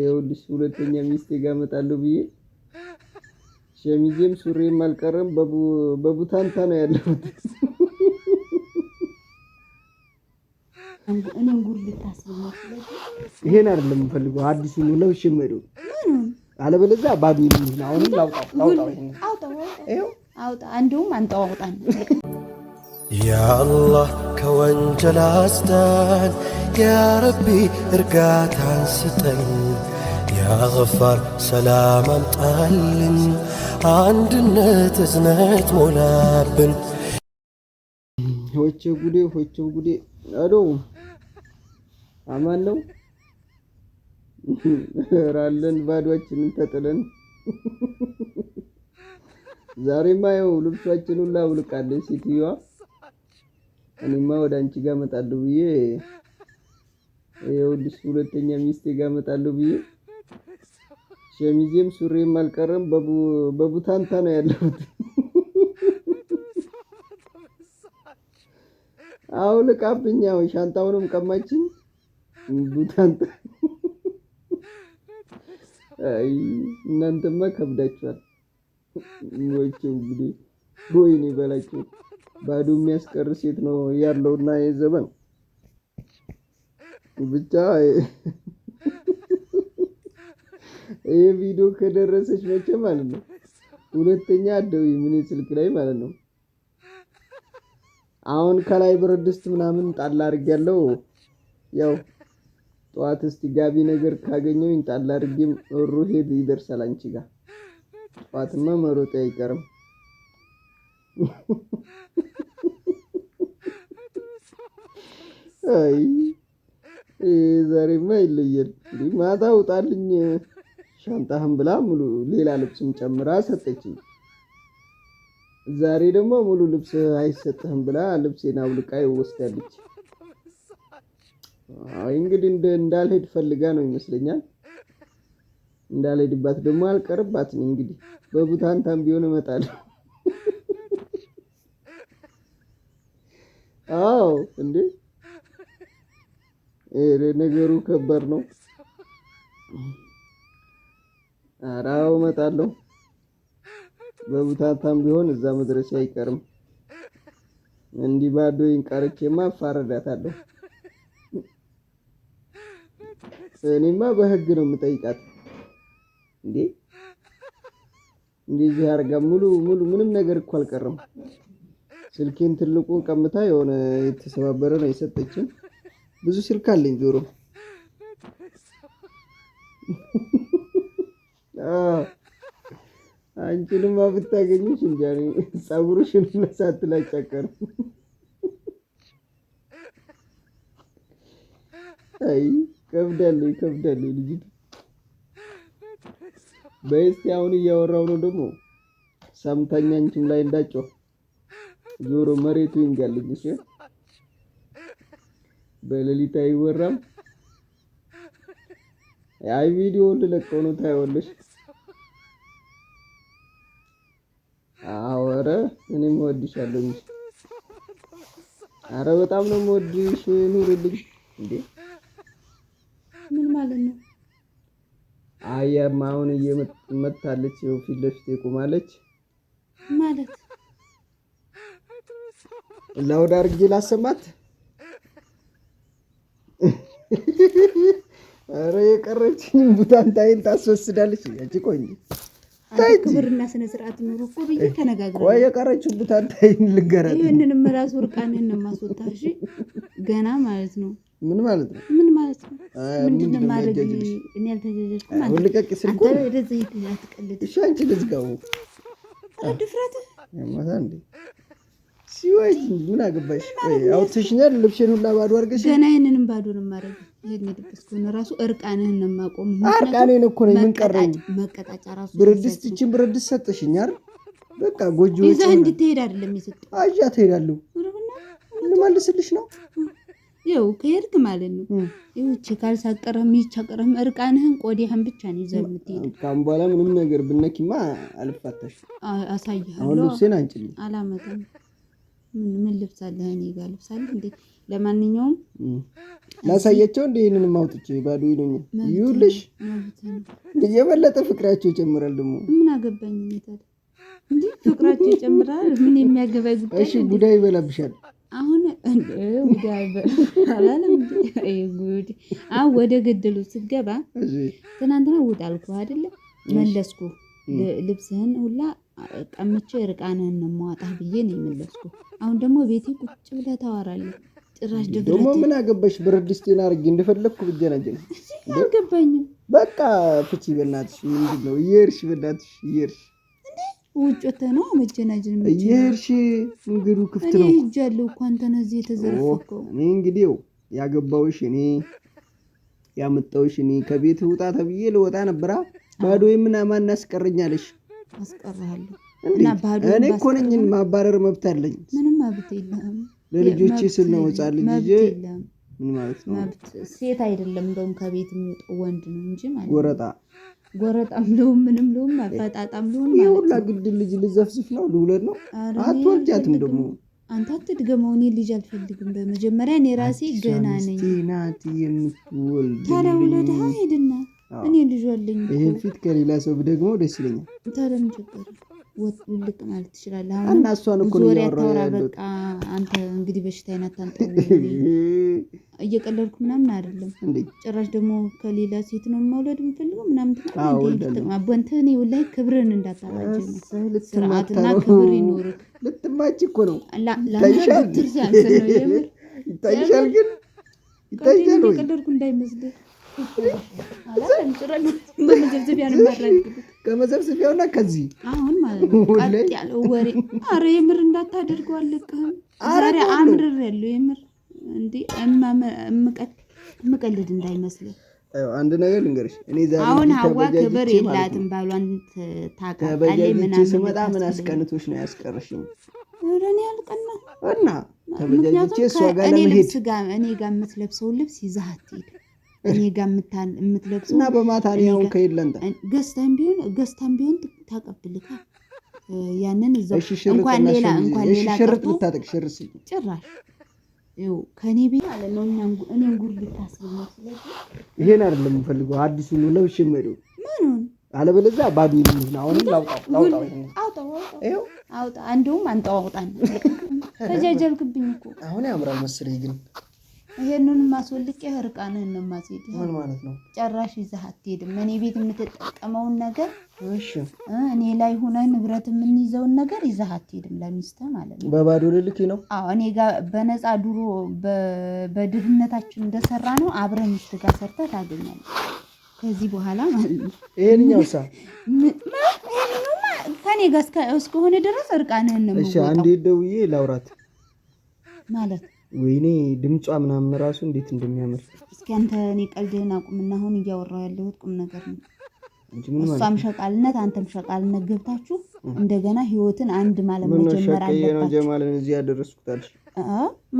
ይኸውልሽ ሁለተኛ ሚስቴ ጋር እመጣለሁ ብዬ ሸሚዜም ሱሬም አልቀረም በቡታንታ ነው ያለሁት። ይሄን አይደለም የምፈልገው። አዲሱ ነው ለብሼ የምሄደው። አለበለዚያ ባዶ የሚሆን አሁንም ላውጣ አውጣ፣ እንደውም አንጠዋውጣ ያአላህ ከወንጀል አስዳን፣ ያረቢ እርጋታን ስጠን፣ ያፋር ሰላም አምጣልን፣ አንድነት እዝነት ሞላብን። ሆቼ ጉዴ ሆቼ ጉዴ አዶ አማን ነው ራለን ባዶችንን ተጥለን ዛሬማ ይኸው ልብሷችን ሁላ አውልቃለች ሴትዮዋ። እኔማ ወደ አንቺ ጋር እመጣለሁ ብዬ ይኸውልሽ ሁለተኛ ሚስቴ ጋር እመጣለሁ ብዬ ሸሚዜም ሱሬም አልቀረም በቡታንታ ነው ያለሁት። ልቃብኛው ሻንጣውንም ቀማችን ቡታንታ እናንተማ ከብዳችኋል። ወቸው እንግዲህ ወይኔ በላቸው። ባዶ የሚያስቀር ሴት ነው ያለውና የዘበን ብቻ ይህ ቪዲዮ ከደረሰች መቼ ማለት ነው ሁለተኛ አደው ምን ስልክ ላይ ማለት ነው። አሁን ከላይ ብረት ድስት ምናምን ጣል አድርግ ያለው ያው ጠዋት እስቲ ጋቢ ነገር ካገኘው ጣል አድርጌም ሩሄድ ይደርሳል አንቺ ጋር ጠዋትማ መሮጥ አይቀርም። አይ ዛሬማ ይለየል። ማታ ውጣልኝ ሻንጣህን ብላ ሙሉ ሌላ ልብስም ጨምራ ሰጠችኝ። ዛሬ ደግሞ ሙሉ ልብስ አይሰጥህም ብላ ልብሴን አውልቃ ይወስዳለች። አይ እንግዲህ እንዳልሄድ ፈልጋ ነው ይመስለኛል። እንዳልሄድባት ደግሞ አልቀርባትም። እንግዲህ በቡታንታም ቢሆን እመጣለሁ። አዎ እንዴ ነገሩ ከባድ ነው። ኧረ አዎ እመጣለሁ። በቡታታም ቢሆን እዛ መድረስ አይቀርም። እንዲህ ባዶ ቀርቼማ አፋረዳታለሁ። እኔማ በህግ ነው የምጠይቃት። እንዴ እንደዚህ አድርጋ ሙሉ ሙሉ ምንም ነገር እኮ አልቀረም። ስልኬን ትልቁን ቀምታ የሆነ የተሰባበረ ነው የሰጠችን። ብዙ ስልክ አለኝ ጆሮ አንቺንማ ብታገኝሽ እንጃ ጸጉርሽን ሳትላጭ አቀር አይ ከብዳለሁ ከብዳለ ልጅቱ። በይ እስኪ አሁን እያወራው ነው ደግሞ ሰምታኝ አንቺም ላይ እንዳጨው ዞሮ መሬቱ ይንጋልኝ። እሺ በሌሊት አይወራም። አይ ቪዲዮ ልለቀው ነው ታይወለሽ። አወረ እኔ እወድሻለሁ። አረ በጣም ነው የምወድሽ። ኑርልኝ። እንዴ ምን ማለት ነው? አያም አሁን እየመጣለች ፊት ለፊት ቁማለች ማለት ላውድ አድርጌ ላሰማት። ኧረ የቀረችኝ ቡታን ታይን ታስወስዳለች። ያቺ ቆይ ክብርና ስነ ስርዓት ኑሮ እኮ ብዬ ተነጋግረን ወይ የቀረችው ቡታን ታይን ልገራት። ይህንንም ራሱ እርቃንን ነው የማስወጣት። እሺ ገና ማለት ነው። ምን ማለት ነው? ምን ማለት ነው? ምንድን ማድረግ እኔ አልተጀጀልኩም። አሁን ልቀቂ ስልኩ። ወደዚህ አትቀልድ እሺ። አንቺ ልዝጋው ድፍረት ሲወይ ምን አገባሽ? አውጥተሽኛል። ልብሽን ሁላ ባዶ አድርገሽ ገና ይህንንም ባዶ ነው የማደርገው። ይህን የጠቀስኩህን እራሱ እርቃንህን ነው የማቆምህ። እርቃኔን እኮ ነኝ። ምን ቀረኝ? መቀጣጫ እራሱ ብረት ድስት፣ ይህችን ሰጠሽኝ አይደል? በቃ ጎጆ ይዘህ እንድትሄድ አይደለም የሰጠሁት። አዣ ትሄዳለሁ። ልመልስልሽ ነው ይኸው ከሄድክ ማለት ነው። ይህቺ ካልሳቀረህም ይቻቀረህም እርቃንህን ቆዲህን ብቻ ነው ይዘህ የምትሄድ። ካሁን በኋላ ምንም ነገር ብነኪማ አልፋታሽም። አሳይሃለሁ። አሁን ልብሴን አንጭልኝ። አላመጣም ምን ልብስ እኔ ጋር ልብስ እንዴ? ለማንኛውም ላሳያቸው እንደ ይህንን ማውጥቼ ባዶ የበለጠ ፍቅራቸው ይጨምራል። ደግሞ ምን አገባኝ ይታል እንዴ? ፍቅራቸው ይጨምራል። ምን የሚያገባኝ ጉዳይ? እሺ ጉዳይ ይበላብሻል። አሁን ጉዳይ ወደ ገደሉ ስትገባ ትናንትና ውጣ አልኩህ አይደለ? መለስኩ ልብስህን ሁላ ጠምቼ እርቃንህን እንማዋጣህ ብዬ ነው የመለስኩ። አሁን ደግሞ ቤቴ ቁጭ ብለህ ታወራለህ። ጭራሽ ደግሞ ምን አገባሽ? ብረት ድስቴን አድርጌ እንደፈለግኩ ብጀናጀን አልገባኝም። በቃ ፍቺ በእናትሽ። ምንድን ነው እየሄድሽ? በእናትሽ እየሄድሽ ውጭ ወተህ ነው መጀናጀን እየሄድሽ። እንግዱ ክፍት ነው። እኔ ሂጃለሁ እኮ አንተን እዚህ የተዘረፈከው። እኔ እንግዲህ ያገባውሽ እኔ ያመጣውሽ እኔ ከቤት ውጣ ተብዬ ልወጣ ነበራ። ባዶ የምና ማን አስቀረኛለሽ? አስቀርሃለሁ። እኔ እኮ ነኝ ማባረር መብት አለኝ። ምንም መብት የለህም። ለልጆቼ ስል ነው ወጻ ልጅ ምን ማለት ነው? መብት ሴት አይደለም እንደውም ከቤት የሚወጣው ወንድ ነው እንጂ ማለት ጎረጣ ጎረጣም ልሁን ምንም ልሁን መፈጣጣም ልሁን ማለት ነው። የሁላ ግድ ልጅ ልዘፍዝፍ ነው ልውለድ ነው። አትወልጃትም ደግሞ አንተ አትድገመው። እኔ ልጅ አልፈልግም። በመጀመሪያ እኔ ራሴ ገና ነኝ ናት የምትወልድ ታዲያ ውለድሃ ሄድና እኔ ልጅ አለኝ። ይህን ፊት ከሌላ ሰው ደግሞ ደስ ይለኛል። ታዲያ ምን ልቅ ማለት ትችላለህ። አሁን እሷን እኮ ነው ያወራ። በቃ አንተ እንግዲህ በሽታ አይነት አንተ እየቀለድኩ ምናምን አይደለም። ጭራሽ ደግሞ ከሌላ ሴት ነው መውለድ የምፈልገው ምናምን እኔ ላይ ክብርን እንዳታባጅ ነው። ስርዓትና ክብር ይኖርክ። ልትማች እኮ ነው ይታይሻል፣ ግን ይታይሻል። ቀለድኩ እንዳይመስልህ ከመዘብሰቢያውና ከዚህ አሁን ማለት ነው ወሬ። የምር እንዳታደርገው አለቅህም። ዛሬ የምር እምቀልድ እንዳይመስልህ። አንድ ነገር ልንገርሽ፣ እኔ ዛሬ አሁን ሀዋ ክብር የላትም። ባሏን ምናምን ስመጣ ምን ነው ያስቀርሽኝ? እና ተበጃጅቼ እሷ ጋር ለመሄድ እኔ ጋር የምትለብሰውን ልብስ ይዘህ ሄድ እኔ ጋር የምትለብሰው እና በማታ ያው ገዝተን ቢሆን ገዝተን ቢሆን ታቀብልካ ያንን እንኳን ሌላ እንኳን ሌላ ጭራሽ ይኸው ከእኔ ቤት ማለት ነው። ጉር ይሄን አይደለም የምፈልገው አዲሱ ነው ለብሽ መሪ አውጣ፣ ተጃጀልክብኝ እኮ አሁን ግን ይሄንን ማስወልቄ እርቃንህን ነው ምን ማለት ነው? ጨራሽ ይዘህ አትሄድም። እኔ ቤት የምትጠቀመውን ነገር እሺ፣ እኔ ላይ ሆነ ንብረት የምንይዘውን ነገር ይዘህ አትሄድም። ለሚስትህ ማለት ነው። በባዶ ልልክ ነው። አዎ እኔ ጋር በነፃ ድሮ በድህነታችን እንደሰራ ነው አብረህ ሚስት ጋር ሰርተህ ታገኛለህ። ከዚህ በኋላ ማለት ነው። ይሄንኛው ሳ ከኔ ጋር እስከሆነ ድረስ እርቃንህን ነው። እሺ አንዴ ደውዬ ላውራት ማለት ነው ወይኔ ድምጿ ምናምን ራሱ እንዴት እንደሚያምር እስኪ አንተ እኔ ቀልድህን አቁምና አሁን እያወራሁ ያለሁት ቁም ነገር ነው። እሷም ሸቃልነት አንተም ሸቃልነት ገብታችሁ እንደገና ህይወትን አንድ ማለት መጀመር አለባችሁ።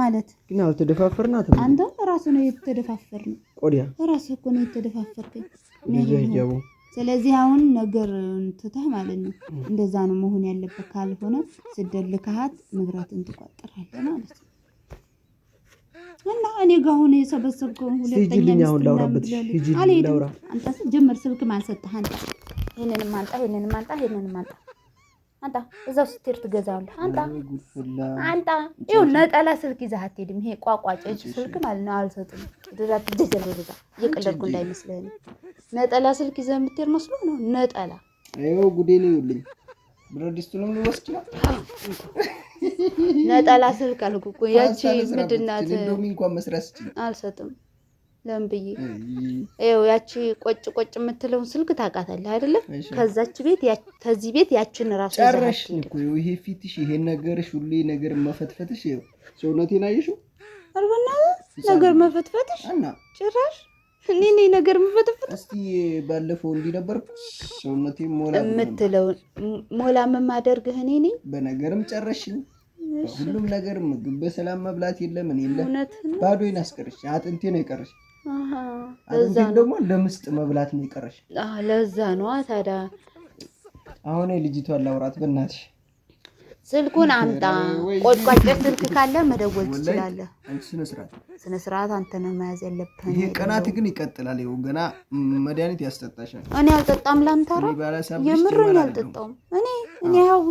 ማለት ግን አልተደፋፈርናት። አንተ ራሱ ነው የተደፋፈር ነው ቆዲያ ራሱ እኮ ነው የተደፋፈርከኝ። ስለዚህ አሁን ነገር ትተህ ማለት ነው እንደዛ ነው መሆን ያለበት። ካልሆነ ስደልካሃት ንብረትን ትቆጥራለህ ማለት ነው። እና እኔ ጋ ሆነ የሰበሰብከውን ሁለተኛ አልሄድም። ጀመር ስልክም አልሰጠህ። አንተ ይሄንንም አንጣ፣ ይሄንንም አንጣ፣ ይሄንንም አንጣ አንጣ እዛው ስትሄድ ትገዛለህ። አንጣ አንጣ ይኸው ነጠላ ስልክ ይዘህ አትሄድም። ይሄ ቋቋጭ እጅ ስልክ ማለት ነው። አልሰጥም። ትእዛዝ ትጀዘል በዛ እየቀለድኩ እንዳይመስልህ። ነጠላ ስልክ ይዘህ የምትሄድ መስሎ ነው። ነጠላ ይኸው ጉዴ ነው። ይኸውልኝ ብረት ድስቱንም ልወስድ ነው ነጠላ ስልክ አልኩ እኮ ያቺ ምንድን ናት? አልሰጥም ለምን ብዬ ይኸው ያቺ ቆጭ ቆጭ የምትለውን ስልክ ታውቃታለህ አይደለም? ከዛች ቤት ከዚህ ቤት ያችን ራሱ ጨረሽ እኮ ይሄ ፊትሽ፣ ይሄ ነገርሽ፣ ሁሌ ነገር መፈትፈትሽ፣ ይኸው ሰውነቴን አየሽው አልበና ነገር መፈትፈትሽ ጭራሽ እኔ እኔ ነገር መፈትፈት እስቲ ባለፈው እንዲህ ነበር ሰውነቴን ሞላ የምትለውን ሞላ የማደርግህ እኔ ነኝ። በነገርም ጨረሽኝ። ሁሉም ነገር ምግብ በሰላም መብላት የለምን የለ ባዶ ባዶዬን አጥንቴ ነው የቀረሽ። አጥንቴ ደግሞ ለምስጥ መብላት ነው የቀረሽ። ለዛ ነዋ ታዲያ። አሁን ልጅቷን ላውራት በእናትሽ ስልኩን አምጣ። ቆልቋጭ ስልክ ካለ መደወል ትችላለህ። ስነ ስርዓት አንተ ነው መያዝ ያለብህ። ይሄ ቅናት ግን ይቀጥላል። ይኸው ገና መድኃኒት ያስጠጣሻል። እኔ አልጠጣም። ላምታራ የምርን አልጠጣውም። እኔ እኔ ያዊ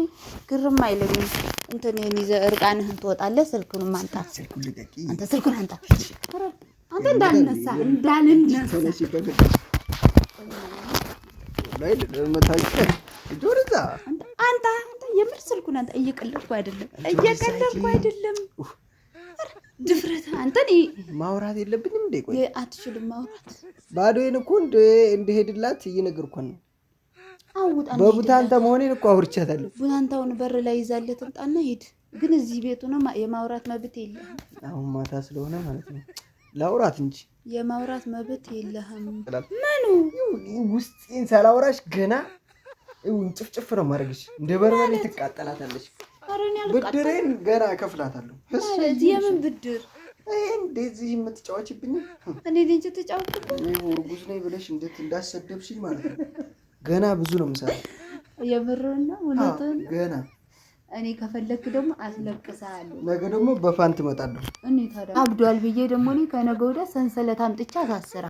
ግርም አይለኝም። እንትን የሚዘ እርቃንህን ትወጣለህ። ስልኩን አምጣ። አንተ ስልኩን አምጣ። አንተ እንዳልነሳ እንዳልነሳ አንተ የምር ስልኩን አንተ እየቀለድኩ አይደለም፣ እየቀለድኩ አይደለም። ድፍረት አንተ ማውራት የለብኝም እንዴ? ቆይ አትችልም ማውራት ባዶዬን እኮ እንደሄድላት እየነገርኳት ነው። በቡታንታ መሆኔን እኮ አውርቻታለሁ። ቡታንታውን በር ላይ ይዛለት እንጣና ሂድ። ግን እዚህ ቤቱ ነው የማውራት መብት የለህም። አሁን ማታ ስለሆነ ማለት ነው ላውራት እንጂ የማውራት መብት የለህም። ምኑ ውስጤን ሳላውራሽ ገና ጭፍጭፍ ነው ማድረግሽ። እንደ በርበሬ ትቃጠላታለች። ብድሬን ገና እከፍላታለሁ። የምን ብድር? እንደዚህ የምትጫወችብኝ እርጉዝ ነኝ ብለሽ እንዴት እንዳሰደብሽኝ ማለት ነው። ገና ብዙ ነው የምሰራው። የምርና እውነቱን ገና እኔ ከፈለክ ደግሞ አስለቅሳለሁ። ነገ ደግሞ በፋን ትመጣለሁ። እኔ ታዲያ አብዷል ብዬ ደግሞ እኔ ከነገ ወዲያ ሰንሰለት አምጥቻ አሳስራ